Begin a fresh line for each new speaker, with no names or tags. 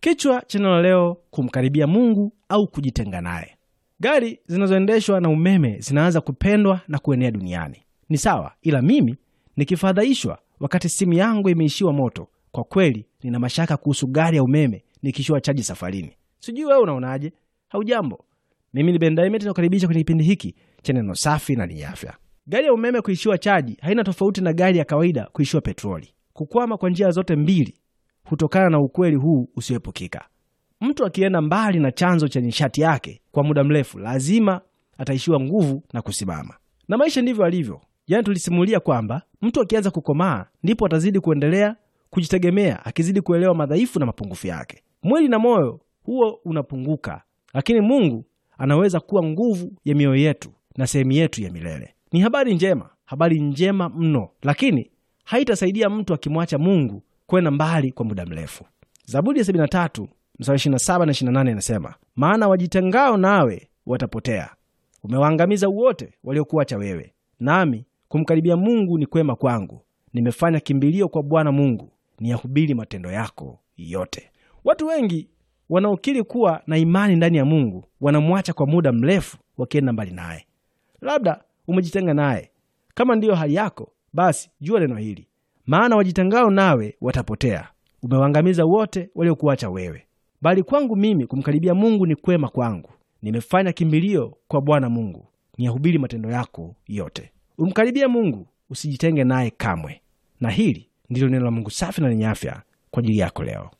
Kichwa cha neno la leo: kumkaribia Mungu au kujitenga naye. Gari zinazoendeshwa na umeme zinaanza kupendwa na kuenea duniani, ni sawa, ila mimi nikifadhaishwa wakati simu yangu imeishiwa moto, kwa kweli nina mashaka kuhusu gari ya umeme nikishiwa chaji safarini. Sijui wewe unaonaje? Haujambo, mimi ni Ben Dynamite nakukaribisha kwenye kipindi hiki cha neno safi na lenye afya. Gari ya umeme kuishiwa chaji haina tofauti na gari ya kawaida kuishiwa petroli. Kukwama kwa njia zote mbili kutokana na ukweli huu usioepukika. Mtu akienda mbali na chanzo cha nishati yake kwa muda mrefu, lazima ataishiwa nguvu na kusimama. Na maisha ndivyo alivyo. yani tulisimulia kwamba mtu akianza kukomaa ndipo atazidi kuendelea kujitegemea, akizidi kuelewa madhaifu na mapungufu yake. Mwili na moyo huo unapunguka, lakini Mungu anaweza kuwa nguvu ya mioyo yetu na sehemu yetu ya milele. Ni habari njema, habari njema mno, lakini haitasaidia mtu akimwacha Mungu kwenda mbali kwa muda mrefu. Zaburi ya 73 mstari 27 na 28 inasema, maana wajitengao nawe watapotea, umewaangamiza wote waliokuacha wewe. Nami kumkaribia Mungu ni kwema kwangu, nimefanya kimbilio kwa Bwana Mungu, niyahubiri matendo yako yote. Watu wengi wanaokiri kuwa na imani ndani ya Mungu wanamwacha kwa muda mrefu, wakienda mbali naye. Labda umejitenga naye. Kama ndiyo hali yako, basi jua neno hili: maana wajitangao nawe watapotea. umewangamiza wote waliokuacha wewe. Bali kwangu mimi kumkaribia Mungu ni kwema kwangu, nimefanya kimbilio kwa Bwana Mungu, niyahubiri matendo yako yote. umkaribia Mungu, usijitenge naye kamwe. Na hili ndilo neno la Mungu safi na lenye afya kwa ajili yako leo.